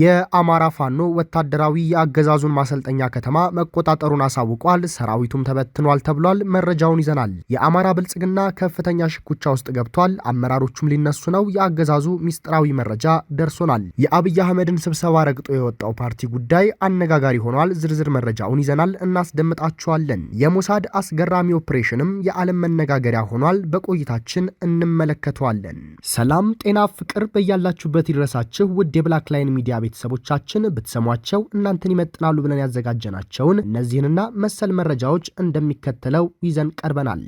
የአማራ ፋኖ ወታደራዊ የአገዛዙን ማሰልጠኛ ከተማ መቆጣጠሩን አሳውቋል። ሰራዊቱም ተበትኗል ተብሏል። መረጃውን ይዘናል። የአማራ ብልጽግና ከፍተኛ ሽኩቻ ውስጥ ገብቷል። አመራሮቹም ሊነሱ ነው። የአገዛዙ ሚስጥራዊ መረጃ ደርሶናል። የአብይ አህመድን ስብሰባ ረግጦ የወጣው ፓርቲ ጉዳይ አነጋጋሪ ሆኗል። ዝርዝር መረጃውን ይዘናል፣ እናስደምጣችኋለን። የሞሳድ አስገራሚ ኦፕሬሽንም የዓለም መነጋገሪያ ሆኗል። በቆይታችን እንመለከተዋለን። ሰላም፣ ጤና፣ ፍቅር በያላችሁበት ይድረሳችሁ ውድ የብላክ ላይን ሚዲያ ቤተሰቦቻችን ብትሰሟቸው እናንተን ይመጥናሉ ብለን ያዘጋጀናቸውን እነዚህንና መሰል መረጃዎች እንደሚከተለው ይዘን ቀርበናል።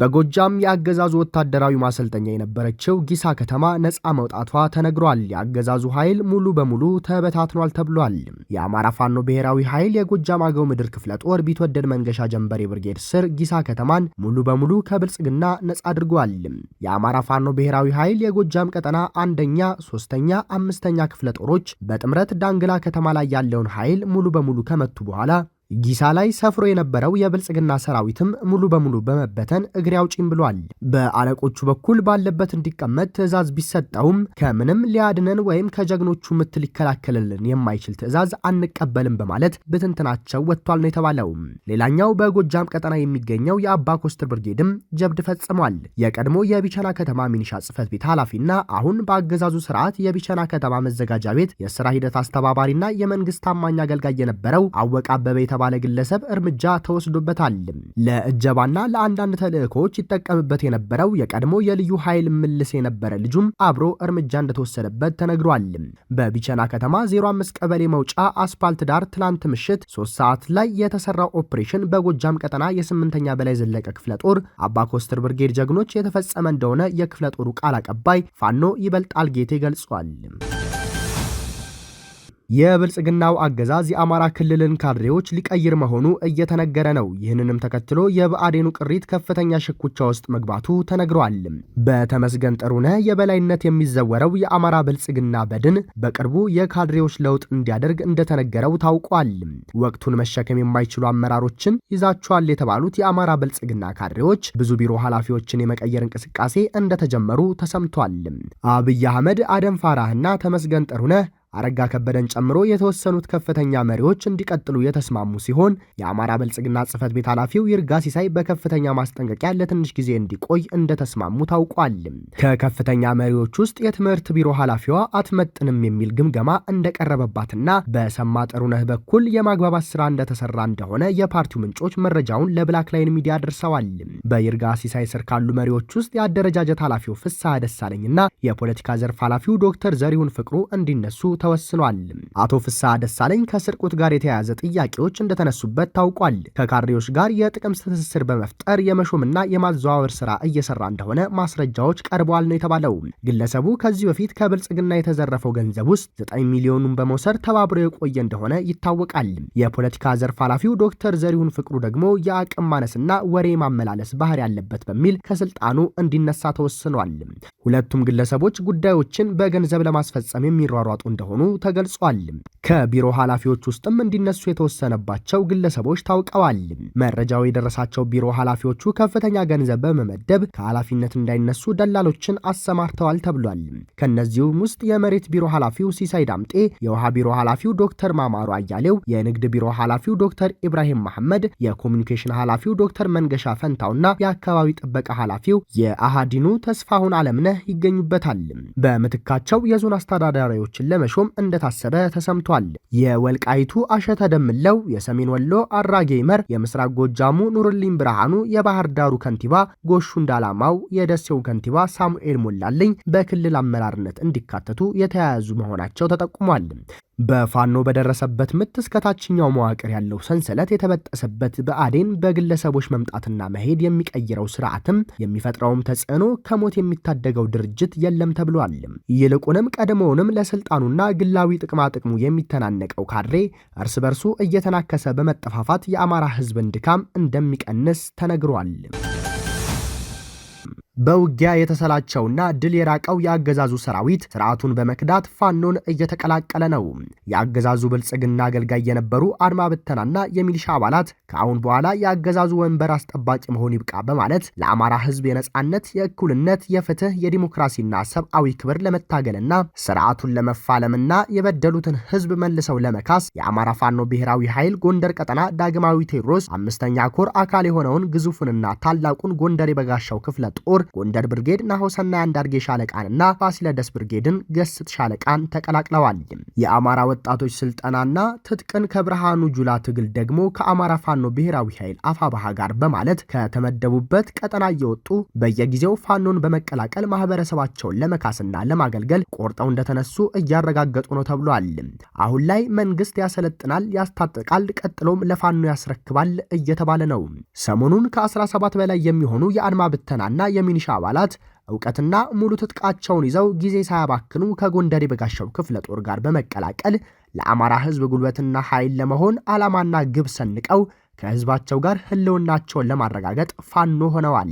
በጎጃም የአገዛዙ ወታደራዊ ማሰልጠኛ የነበረችው ጊሳ ከተማ ነፃ መውጣቷ ተነግሯል። የአገዛዙ ኃይል ሙሉ በሙሉ ተበታትኗል ተብሏል። የአማራ ፋኖ ብሔራዊ ኃይል የጎጃም አገው ምድር ክፍለ ጦር ቢትወደድ መንገሻ ጀንበሬ ብርጌድ ስር ጊሳ ከተማን ሙሉ በሙሉ ከብልጽግና ነፃ አድርጓል። የአማራ ፋኖ ብሔራዊ ኃይል የጎጃም ቀጠና አንደኛ፣ ሶስተኛ፣ አምስተኛ ክፍለ ጦሮች በጥምረት ዳንግላ ከተማ ላይ ያለውን ኃይል ሙሉ በሙሉ ከመቱ በኋላ ጊሳ ላይ ሰፍሮ የነበረው የብልጽግና ሰራዊትም ሙሉ በሙሉ በመበተን እግሬ አውጪኝ ብሏል። በአለቆቹ በኩል ባለበት እንዲቀመጥ ትዕዛዝ ቢሰጠውም ከምንም ሊያድነን ወይም ከጀግኖቹ ምት ሊከላከልልን የማይችል ትዕዛዝ አንቀበልም በማለት ብትንትናቸው ወጥቷል ነው የተባለው። ሌላኛው በጎጃም ቀጠና የሚገኘው የአባ ኮስትር ብርጌድም ጀብድ ፈጽሟል። የቀድሞ የቢቸና ከተማ ሚኒሻ ጽህፈት ቤት ኃላፊና አሁን በአገዛዙ ስርዓት የቢቸና ከተማ መዘጋጃ ቤት የስራ ሂደት አስተባባሪና የመንግስት ታማኝ አገልጋይ የነበረው አወቃ አበበ የተባለ ግለሰብ እርምጃ ተወስዶበታል። ለእጀባና ለአንዳንድ ተልእኮዎች ይጠቀምበት የነበረው የቀድሞ የልዩ ኃይል ምልስ የነበረ ልጁም አብሮ እርምጃ እንደተወሰደበት ተነግሯል። በቢቸና ከተማ 05 ቀበሌ መውጫ አስፓልት ዳር ትላንት ምሽት ሶስት ሰዓት ላይ የተሰራው ኦፕሬሽን በጎጃም ቀጠና የስምንተኛ በላይ ዘለቀ ክፍለ ጦር አባኮስትር ብርጌድ ጀግኖች የተፈጸመ እንደሆነ የክፍለ ጦሩ ቃል አቀባይ ፋኖ ይበልጣል ጌቴ ገልጿል። የብልጽግናው አገዛዝ የአማራ ክልልን ካድሬዎች ሊቀይር መሆኑ እየተነገረ ነው። ይህንንም ተከትሎ የብአዴኑ ቅሪት ከፍተኛ ሽኩቻ ውስጥ መግባቱ ተነግሯል። በተመስገን ጥሩነህ የበላይነት የሚዘወረው የአማራ ብልጽግና በድን በቅርቡ የካድሬዎች ለውጥ እንዲያደርግ እንደተነገረው ታውቋል። ወቅቱን መሸከም የማይችሉ አመራሮችን ይዛቸዋል የተባሉት የአማራ ብልጽግና ካድሬዎች ብዙ ቢሮ ኃላፊዎችን የመቀየር እንቅስቃሴ እንደተጀመሩ ተሰምቷል። አብይ አህመድ አደም ፋራህና ተመስገን ጥሩነህ አረጋ ከበደን ጨምሮ የተወሰኑት ከፍተኛ መሪዎች እንዲቀጥሉ የተስማሙ ሲሆን የአማራ ብልጽግና ጽህፈት ቤት ኃላፊው ይርጋ ሲሳይ በከፍተኛ ማስጠንቀቂያ ለትንሽ ጊዜ እንዲቆይ እንደተስማሙ ታውቋል። ከከፍተኛ መሪዎች ውስጥ የትምህርት ቢሮ ኃላፊዋ አትመጥንም የሚል ግምገማ እንደቀረበባትና በሰማ ጥሩነህ በኩል የማግባባት ስራ እንደተሰራ እንደሆነ የፓርቲው ምንጮች መረጃውን ለብላክ ላይን ሚዲያ ደርሰዋል። በይርጋ ሲሳይ ስር ካሉ መሪዎች ውስጥ የአደረጃጀት ኃላፊው ፍስሐ ደሳለኝና የፖለቲካ ዘርፍ ኃላፊው ዶክተር ዘሪሁን ፍቅሩ እንዲነሱ ተወስኗል። አቶ ፍስሐ ደሳለኝ ከስርቁት ጋር የተያያዘ ጥያቄዎች እንደተነሱበት ታውቋል። ከካድሬዎች ጋር የጥቅም ትስስር በመፍጠር የመሾምና የማዘዋወር ስራ እየሰራ እንደሆነ ማስረጃዎች ቀርበዋል ነው የተባለው። ግለሰቡ ከዚህ በፊት ከብልጽግና የተዘረፈው ገንዘብ ውስጥ ዘጠኝ ሚሊዮኑን በመውሰድ ተባብሮ የቆየ እንደሆነ ይታወቃል። የፖለቲካ ዘርፍ ኃላፊው ዶክተር ዘሪሁን ፍቅሩ ደግሞ የአቅም ማነስና ወሬ ማመላለስ ባህሪ ያለበት በሚል ከስልጣኑ እንዲነሳ ተወስኗል። ሁለቱም ግለሰቦች ጉዳዮችን በገንዘብ ለማስፈጸም የሚሯሯጡ እንደሆነ እንደሆኑ ተገልጿል። ከቢሮ ኃላፊዎች ውስጥም እንዲነሱ የተወሰነባቸው ግለሰቦች ታውቀዋል። መረጃው የደረሳቸው ቢሮ ኃላፊዎቹ ከፍተኛ ገንዘብ በመመደብ ከኃላፊነት እንዳይነሱ ደላሎችን አሰማርተዋል ተብሏል። ከእነዚሁም ውስጥ የመሬት ቢሮ ኃላፊው ሲሳይ ዳምጤ፣ የውሃ ቢሮ ኃላፊው ዶክተር ማማሩ አያሌው፣ የንግድ ቢሮ ኃላፊው ዶክተር ኢብራሂም መሐመድ፣ የኮሚኒኬሽን ኃላፊው ዶክተር መንገሻ ፈንታውና የአካባቢ ጥበቃ ኃላፊው የአሃዲኑ ተስፋሁን አለምነህ ይገኙበታል። በምትካቸው የዞን አስተዳዳሪዎችን ለመሾ ተፈትሾም እንደታሰበ ተሰምቷል። የወልቃይቱ አሸተ ደምለው፣ የሰሜን ወሎ አራጌ መር፣ የምስራቅ ጎጃሙ ኑርሊን ብርሃኑ፣ የባህር ዳሩ ከንቲባ ጎሹ እንዳላማው፣ የደሴው ከንቲባ ሳሙኤል ሞላልኝ በክልል አመራርነት እንዲካተቱ የተያያዙ መሆናቸው ተጠቁሟል። በፋኖ በደረሰበት ምት እስከ ታችኛው መዋቅር ያለው ሰንሰለት የተበጠሰበት በአዴን በግለሰቦች መምጣትና መሄድ የሚቀይረው ስርዓትም የሚፈጥረውም ተጽዕኖ ከሞት የሚታደገው ድርጅት የለም ተብሏል። ይልቁንም ቀድሞውንም ለስልጣኑና ግላዊ ጥቅማጥቅሙ የሚተናነቀው ካድሬ እርስ በርሱ እየተናከሰ በመጠፋፋት የአማራ ህዝብን ድካም እንደሚቀንስ ተነግሯል። በውጊያ የተሰላቸውና ድል የራቀው የአገዛዙ ሰራዊት ስርዓቱን በመክዳት ፋኖን እየተቀላቀለ ነው። የአገዛዙ ብልጽግና አገልጋይ የነበሩ አድማ ብተናና የሚሊሻ አባላት ከአሁን በኋላ የአገዛዙ ወንበር አስጠባቂ መሆን ይብቃ በማለት ለአማራ ሕዝብ የነጻነት፣ የእኩልነት፣ የፍትህ፣ የዲሞክራሲና ሰብአዊ ክብር ለመታገልና ስርዓቱን ለመፋለምና የበደሉትን ህዝብ መልሰው ለመካስ የአማራ ፋኖ ብሔራዊ ኃይል ጎንደር ቀጠና ዳግማዊ ቴዎድሮስ አምስተኛ ኮር አካል የሆነውን ግዙፉንና ታላቁን ጎንደር የበጋሻው ክፍለ ጦር ጎንደር ብርጌድ ናሆሰና አንዳርጌ ሻለቃንና ፋሲለደስ ብርጌድን ገስት ሻለቃን ተቀላቅለዋል። የአማራ ወጣቶች ስልጠናና ትጥቅን ከብርሃኑ ጁላ ትግል ደግሞ ከአማራ ፋኖ ብሔራዊ ኃይል አፋባሃ ጋር በማለት ከተመደቡበት ቀጠና እየወጡ በየጊዜው ፋኖን በመቀላቀል ማህበረሰባቸውን ለመካስና ለማገልገል ቆርጠው እንደተነሱ እያረጋገጡ ነው ተብሏል። አሁን ላይ መንግስት ያሰለጥናል፣ ያስታጥቃል፣ ቀጥሎም ለፋኖ ያስረክባል እየተባለ ነው። ሰሞኑን ከ17 በላይ የሚሆኑ የአድማ ብተናና የሚኒ የሚሊሻ አባላት እውቀትና ሙሉ ትጥቃቸውን ይዘው ጊዜ ሳያባክኑ ከጎንደር የበጋሻው ክፍለ ጦር ጋር በመቀላቀል ለአማራ ህዝብ ጉልበትና ኃይል ለመሆን ዓላማና ግብ ሰንቀው ከህዝባቸው ጋር ህልውናቸውን ለማረጋገጥ ፋኖ ሆነዋል።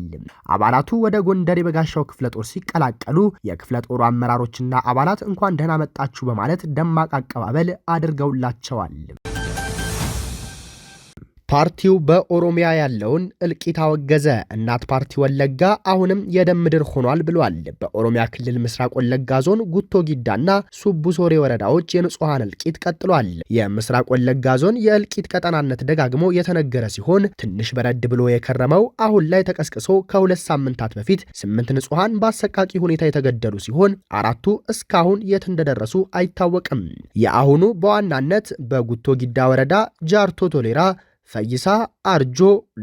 አባላቱ ወደ ጎንደር የበጋሻው ክፍለ ጦር ሲቀላቀሉ የክፍለ ጦሩ አመራሮችና አባላት እንኳን ደህና መጣችሁ በማለት ደማቅ አቀባበል አድርገውላቸዋል። ፓርቲው በኦሮሚያ ያለውን እልቂት አወገዘ። እናት ፓርቲ ወለጋ አሁንም የደም ምድር ሆኗል ብሏል። በኦሮሚያ ክልል ምስራቅ ወለጋ ዞን ጉቶ ጊዳና ሱቡ ሶሬ ወረዳዎች የንጹሐን እልቂት ቀጥሏል። የምስራቅ ወለጋ ዞን የእልቂት ቀጠናነት ደጋግሞ የተነገረ ሲሆን ትንሽ በረድ ብሎ የከረመው አሁን ላይ ተቀስቅሶ ከሁለት ሳምንታት በፊት ስምንት ንጹሐን በአሰቃቂ ሁኔታ የተገደሉ ሲሆን አራቱ እስካሁን የት እንደደረሱ አይታወቅም። የአሁኑ በዋናነት በጉቶ ጊዳ ወረዳ ጃርቶ ቶሌራ ፈይሳ፣ አርጆ፣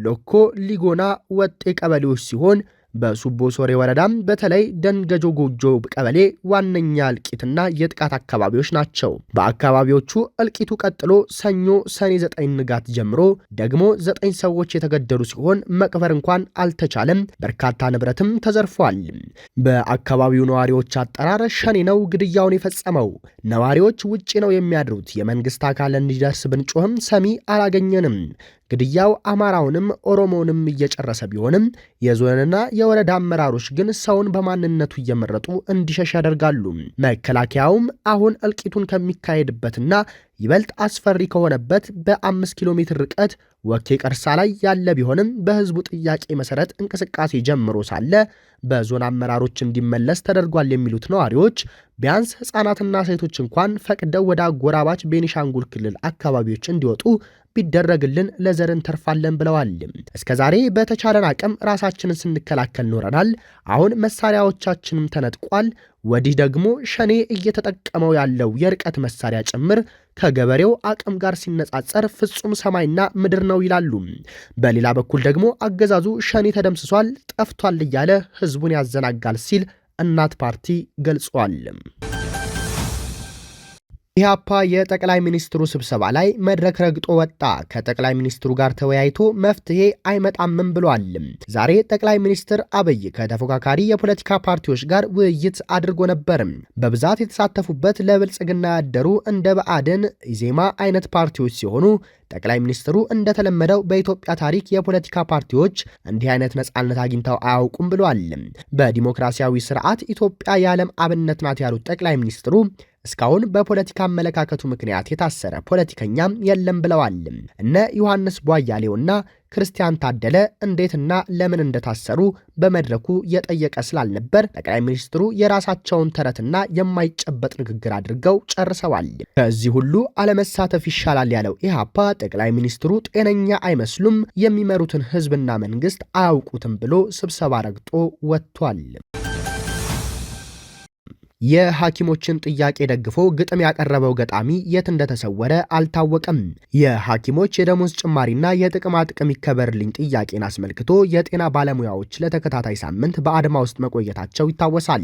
ሎኮ፣ ሊጎና፣ ወጤ ቀበሌዎች ሲሆን በሱቦ ሶሬ ወረዳ በተለይ ደንገጆ ጎጆ ቀበሌ ዋነኛ እልቂትና የጥቃት አካባቢዎች ናቸው። በአካባቢዎቹ እልቂቱ ቀጥሎ ሰኞ ሰኔ ዘጠኝ ንጋት ጀምሮ ደግሞ ዘጠኝ ሰዎች የተገደሉ ሲሆን መቅበር እንኳን አልተቻለም። በርካታ ንብረትም ተዘርፏል። በአካባቢው ነዋሪዎች አጠራር ሸኔ ነው ግድያውን የፈጸመው። ነዋሪዎች ውጭ ነው የሚያድሩት። የመንግስት አካል እንዲደርስ ብንጮህም ሰሚ አላገኘንም። ግድያው አማራውንም ኦሮሞውንም እየጨረሰ ቢሆንም የዞንና የወረዳ አመራሮች ግን ሰውን በማንነቱ እየመረጡ እንዲሸሽ ያደርጋሉ። መከላከያውም አሁን እልቂቱን ከሚካሄድበትና ይበልጥ አስፈሪ ከሆነበት በአምስት ኪሎ ሜትር ርቀት ወኬ ቀርሳ ላይ ያለ ቢሆንም በህዝቡ ጥያቄ መሰረት እንቅስቃሴ ጀምሮ ሳለ በዞን አመራሮች እንዲመለስ ተደርጓል የሚሉት ነዋሪዎች ቢያንስ ሕፃናትና ሴቶች እንኳን ፈቅደው ወደ አጎራባች ቤኒሻንጉል ክልል አካባቢዎች እንዲወጡ ቢደረግልን ለዘር እንተርፋለን ብለዋል። እስከዛሬ በተቻለን አቅም ራሳችንን ስንከላከል ኖረናል። አሁን መሳሪያዎቻችንም ተነጥቋል። ወዲህ ደግሞ ሸኔ እየተጠቀመው ያለው የርቀት መሳሪያ ጭምር ከገበሬው አቅም ጋር ሲነጻጸር ፍጹም ሰማይና ምድር ነው ይላሉ። በሌላ በኩል ደግሞ አገዛዙ ሸኔ ተደምስሷል፣ ጠፍቷል እያለ ህዝቡን ያዘናጋል ሲል እናት ፓርቲ ገልጿል። ኢህአፓ የጠቅላይ ሚኒስትሩ ስብሰባ ላይ መድረክ ረግጦ ወጣ። ከጠቅላይ ሚኒስትሩ ጋር ተወያይቶ መፍትሄ አይመጣምም ብሏል። ዛሬ ጠቅላይ ሚኒስትር አብይ ከተፎካካሪ የፖለቲካ ፓርቲዎች ጋር ውይይት አድርጎ ነበር። በብዛት የተሳተፉበት ለብልጽግና ያደሩ እንደ ብአዴን፣ ኢዜማ አይነት ፓርቲዎች ሲሆኑ ጠቅላይ ሚኒስትሩ እንደተለመደው በኢትዮጵያ ታሪክ የፖለቲካ ፓርቲዎች እንዲህ አይነት ነጻነት አግኝተው አያውቁም ብሏል። በዲሞክራሲያዊ ስርዓት ኢትዮጵያ የዓለም አብነት ናት ያሉት ጠቅላይ ሚኒስትሩ እስካሁን በፖለቲካ አመለካከቱ ምክንያት የታሰረ ፖለቲከኛም የለም ብለዋል። እነ ዮሐንስ ቧያሌውና ክርስቲያን ታደለ እንዴትና ለምን እንደታሰሩ በመድረኩ የጠየቀ ስላልነበር ጠቅላይ ሚኒስትሩ የራሳቸውን ተረትና የማይጨበጥ ንግግር አድርገው ጨርሰዋል። ከዚህ ሁሉ አለመሳተፍ ይሻላል ያለው ኢህአፓ ጠቅላይ ሚኒስትሩ ጤነኛ አይመስሉም፣ የሚመሩትን ህዝብና መንግስት አያውቁትም ብሎ ስብሰባ ረግጦ ወጥቷል። የሐኪሞችን ጥያቄ ደግፎ ግጥም ያቀረበው ገጣሚ የት እንደተሰወረ አልታወቀም። የሐኪሞች የደሞዝ ጭማሪና የጥቅማ ጥቅም ይከበርልኝ ጥያቄን አስመልክቶ የጤና ባለሙያዎች ለተከታታይ ሳምንት በአድማ ውስጥ መቆየታቸው ይታወሳል።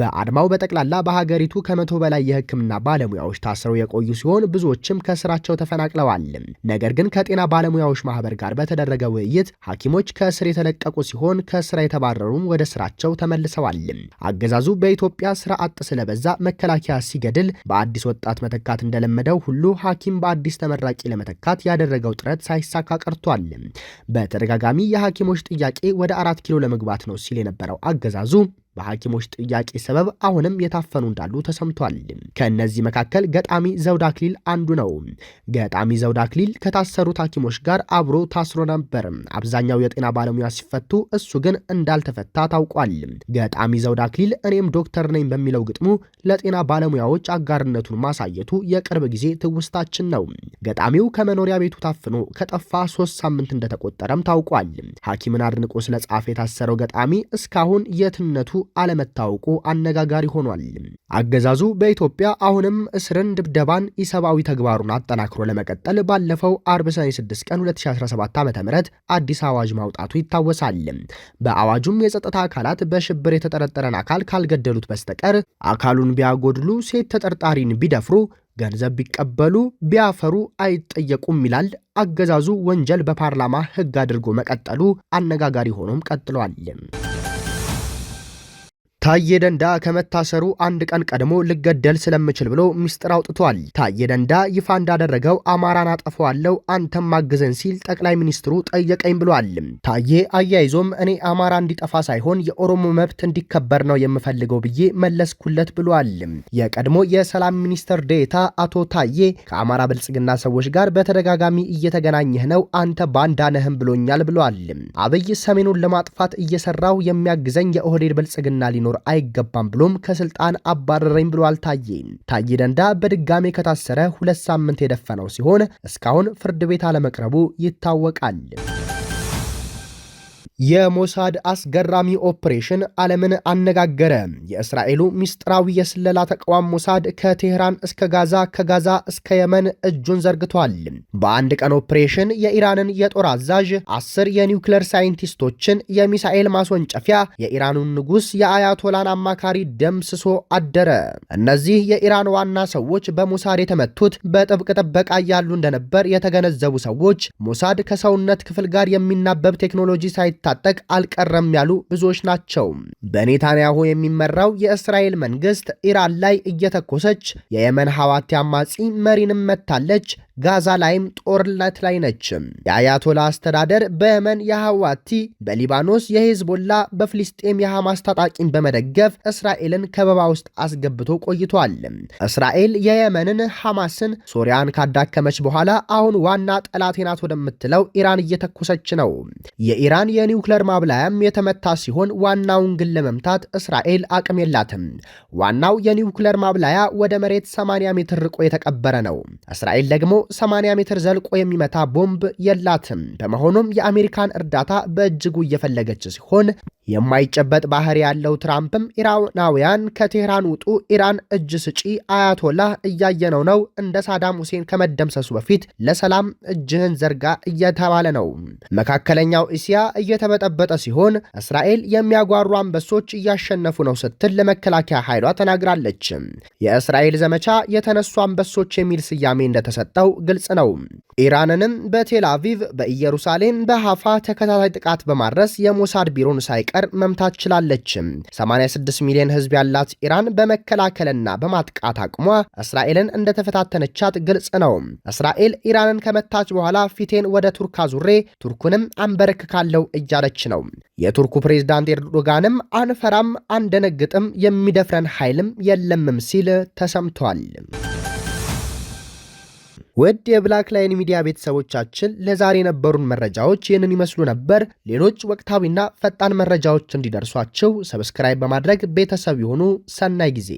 በአድማው በጠቅላላ በሀገሪቱ ከመቶ በላይ የሕክምና ባለሙያዎች ታስረው የቆዩ ሲሆን ብዙዎችም ከስራቸው ተፈናቅለዋል። ነገር ግን ከጤና ባለሙያዎች ማህበር ጋር በተደረገ ውይይት ሐኪሞች ከእስር የተለቀቁ ሲሆን ከስራ የተባረሩም ወደ ስራቸው ተመልሰዋል። አገዛዙ በኢትዮጵያ ስራ አጥ ስለበዛ መከላከያ ሲገድል በአዲስ ወጣት መተካት እንደለመደው ሁሉ ሐኪም በአዲስ ተመራቂ ለመተካት ያደረገው ጥረት ሳይሳካ ቀርቷል። በተደጋጋሚ የሐኪሞች ጥያቄ ወደ አራት ኪሎ ለመግባት ነው ሲል የነበረው አገዛዙ በሐኪሞች ጥያቄ ሰበብ አሁንም የታፈኑ እንዳሉ ተሰምቷል። ከእነዚህ መካከል ገጣሚ ዘውድ አክሊል አንዱ ነው። ገጣሚ ዘውድ አክሊል ከታሰሩት ሐኪሞች ጋር አብሮ ታስሮ ነበር። አብዛኛው የጤና ባለሙያ ሲፈቱ፣ እሱ ግን እንዳልተፈታ ታውቋል። ገጣሚ ዘውድ አክሊል እኔም ዶክተር ነኝ በሚለው ግጥሙ ለጤና ባለሙያዎች አጋርነቱን ማሳየቱ የቅርብ ጊዜ ትውስታችን ነው። ገጣሚው ከመኖሪያ ቤቱ ታፍኖ ከጠፋ ሶስት ሳምንት እንደተቆጠረም ታውቋል። ሐኪምን አድንቆ ስለ ጻፈ የታሰረው ገጣሚ እስካሁን የትነቱ አለመታወቁ አነጋጋሪ ሆኗል። አገዛዙ በኢትዮጵያ አሁንም እስርን፣ ድብደባን፣ ኢሰብአዊ ተግባሩን አጠናክሮ ለመቀጠል ባለፈው አርብ ሰኔ 6 ቀን 2017 ዓ ም አዲስ አዋጅ ማውጣቱ ይታወሳል። በአዋጁም የጸጥታ አካላት በሽብር የተጠረጠረን አካል ካልገደሉት በስተቀር አካሉን ቢያጎድሉ፣ ሴት ተጠርጣሪን ቢደፍሩ ገንዘብ ቢቀበሉ ቢያፈሩ አይጠየቁም ይላል። አገዛዙ ወንጀል በፓርላማ ሕግ አድርጎ መቀጠሉ አነጋጋሪ ሆኖም ቀጥሏል። ታዬ ደንዳ ከመታሰሩ አንድ ቀን ቀድሞ ልገደል ስለምችል ብሎ ሚስጥር አውጥቷል። ታዬ ደንዳ ይፋ እንዳደረገው አማራን አጠፋዋለሁ አንተም ማግዘን ሲል ጠቅላይ ሚኒስትሩ ጠየቀኝ ብሏል። ታዬ አያይዞም እኔ አማራ እንዲጠፋ ሳይሆን የኦሮሞ መብት እንዲከበር ነው የምፈልገው ብዬ መለስኩለት ብሏል። የቀድሞ የሰላም ሚኒስትር ዴታ አቶ ታዬ ከአማራ ብልጽግና ሰዎች ጋር በተደጋጋሚ እየተገናኘህ ነው አንተ ባንዳ ነህም ብሎኛል ብሏል። አብይ ሰሜኑን ለማጥፋት እየሰራው የሚያግዘኝ የኦህዴድ ብልጽግና ሊኖር መኖር አይገባም ብሎም ከስልጣን አባረረኝ ብሏል ታዬ። ታዬ ደንዳ በድጋሜ ከታሰረ ሁለት ሳምንት የደፈነው ሲሆን እስካሁን ፍርድ ቤት አለመቅረቡ ይታወቃል። የሞሳድ አስገራሚ ኦፕሬሽን ዓለምን አነጋገረ። የእስራኤሉ ሚስጥራዊ የስለላ ተቋም ሞሳድ ከቴህራን እስከ ጋዛ፣ ከጋዛ እስከ የመን እጁን ዘርግቷል። በአንድ ቀን ኦፕሬሽን የኢራንን የጦር አዛዥ፣ አስር የኒውክሌር ሳይንቲስቶችን፣ የሚሳኤል ማስወንጨፊያ፣ የኢራኑን ንጉሥ፣ የአያቶላን አማካሪ ደምስሶ አደረ። እነዚህ የኢራን ዋና ሰዎች በሞሳድ የተመቱት በጥብቅ ጥበቃ እያሉ እንደነበር የተገነዘቡ ሰዎች ሞሳድ ከሰውነት ክፍል ጋር የሚናበብ ቴክኖሎጂ ሳይታ ሳይታጠቅ አልቀረም ያሉ ብዙዎች ናቸው። በኔታንያሁ የሚመራው የእስራኤል መንግስት ኢራን ላይ እየተኮሰች የየመን ሐዋቲ አማጺ መሪንም መታለች። ጋዛ ላይም ጦርነት ላይ ነችም። የአያቶላ አስተዳደር በየመን የሐዋቲ በሊባኖስ የሂዝቦላ በፍልስጤም የሐማስ ታጣቂን በመደገፍ እስራኤልን ከበባ ውስጥ አስገብቶ ቆይቷል። እስራኤል የየመንን ሐማስን፣ ሶሪያን ካዳከመች በኋላ አሁን ዋና ጠላቴ ናት ወደምትለው ኢራን እየተኮሰች ነው። የኢራን የኒውክለር ማብላያም የተመታ ሲሆን ዋናውን ግን ለመምታት እስራኤል አቅም የላትም። ዋናው የኒውክለር ማብላያ ወደ መሬት 80 ሜትር ርቆ የተቀበረ ነው። እስራኤል ደግሞ 80 ሜትር ዘልቆ የሚመታ ቦምብ የላትም። በመሆኑም የአሜሪካን እርዳታ በእጅጉ እየፈለገች ሲሆን የማይጨበጥ ባህር ያለው ትራምፕም ኢራናውያን ከቴህራን ውጡ፣ ኢራን እጅ ስጪ፣ አያቶላ እያየነው ነው፣ እንደ ሳዳም ሁሴን ከመደምሰሱ በፊት ለሰላም እጅህን ዘርጋ እየተባለ ነው። መካከለኛው እስያ እየተበጠበጠ ሲሆን እስራኤል የሚያጓሩ አንበሶች እያሸነፉ ነው ስትል ለመከላከያ ኃይሏ ተናግራለች። የእስራኤል ዘመቻ የተነሱ አንበሶች የሚል ስያሜ እንደተሰጠው ግልጽ ነው። ኢራንንም በቴል አቪቭ፣ በኢየሩሳሌም፣ በሐፋ ተከታታይ ጥቃት በማድረስ የሞሳድ ቢሮን ሳይቀ ሳትቀር መምታት ችላለችም። 86 ሚሊዮን ህዝብ ያላት ኢራን በመከላከልና በማጥቃት አቅሟ እስራኤልን እንደተፈታተነቻት ግልጽ ነው። እስራኤል ኢራንን ከመታች በኋላ ፊቴን ወደ ቱርክ አዙሬ ቱርኩንም አንበረክካለው እያለች ነው። የቱርኩ ፕሬዝዳንት ኤርዶጋንም አንፈራም፣ አንደነግጥም፣ የሚደፍረን ኃይልም የለምም ሲል ተሰምቷል። ውድ የብላክ ላይን ሚዲያ ቤተሰቦቻችን ለዛሬ የነበሩን መረጃዎች ይህንን ይመስሉ ነበር። ሌሎች ወቅታዊና ፈጣን መረጃዎች እንዲደርሷቸው ሰብስክራይብ በማድረግ ቤተሰብ የሆኑ ሰናይ ጊዜ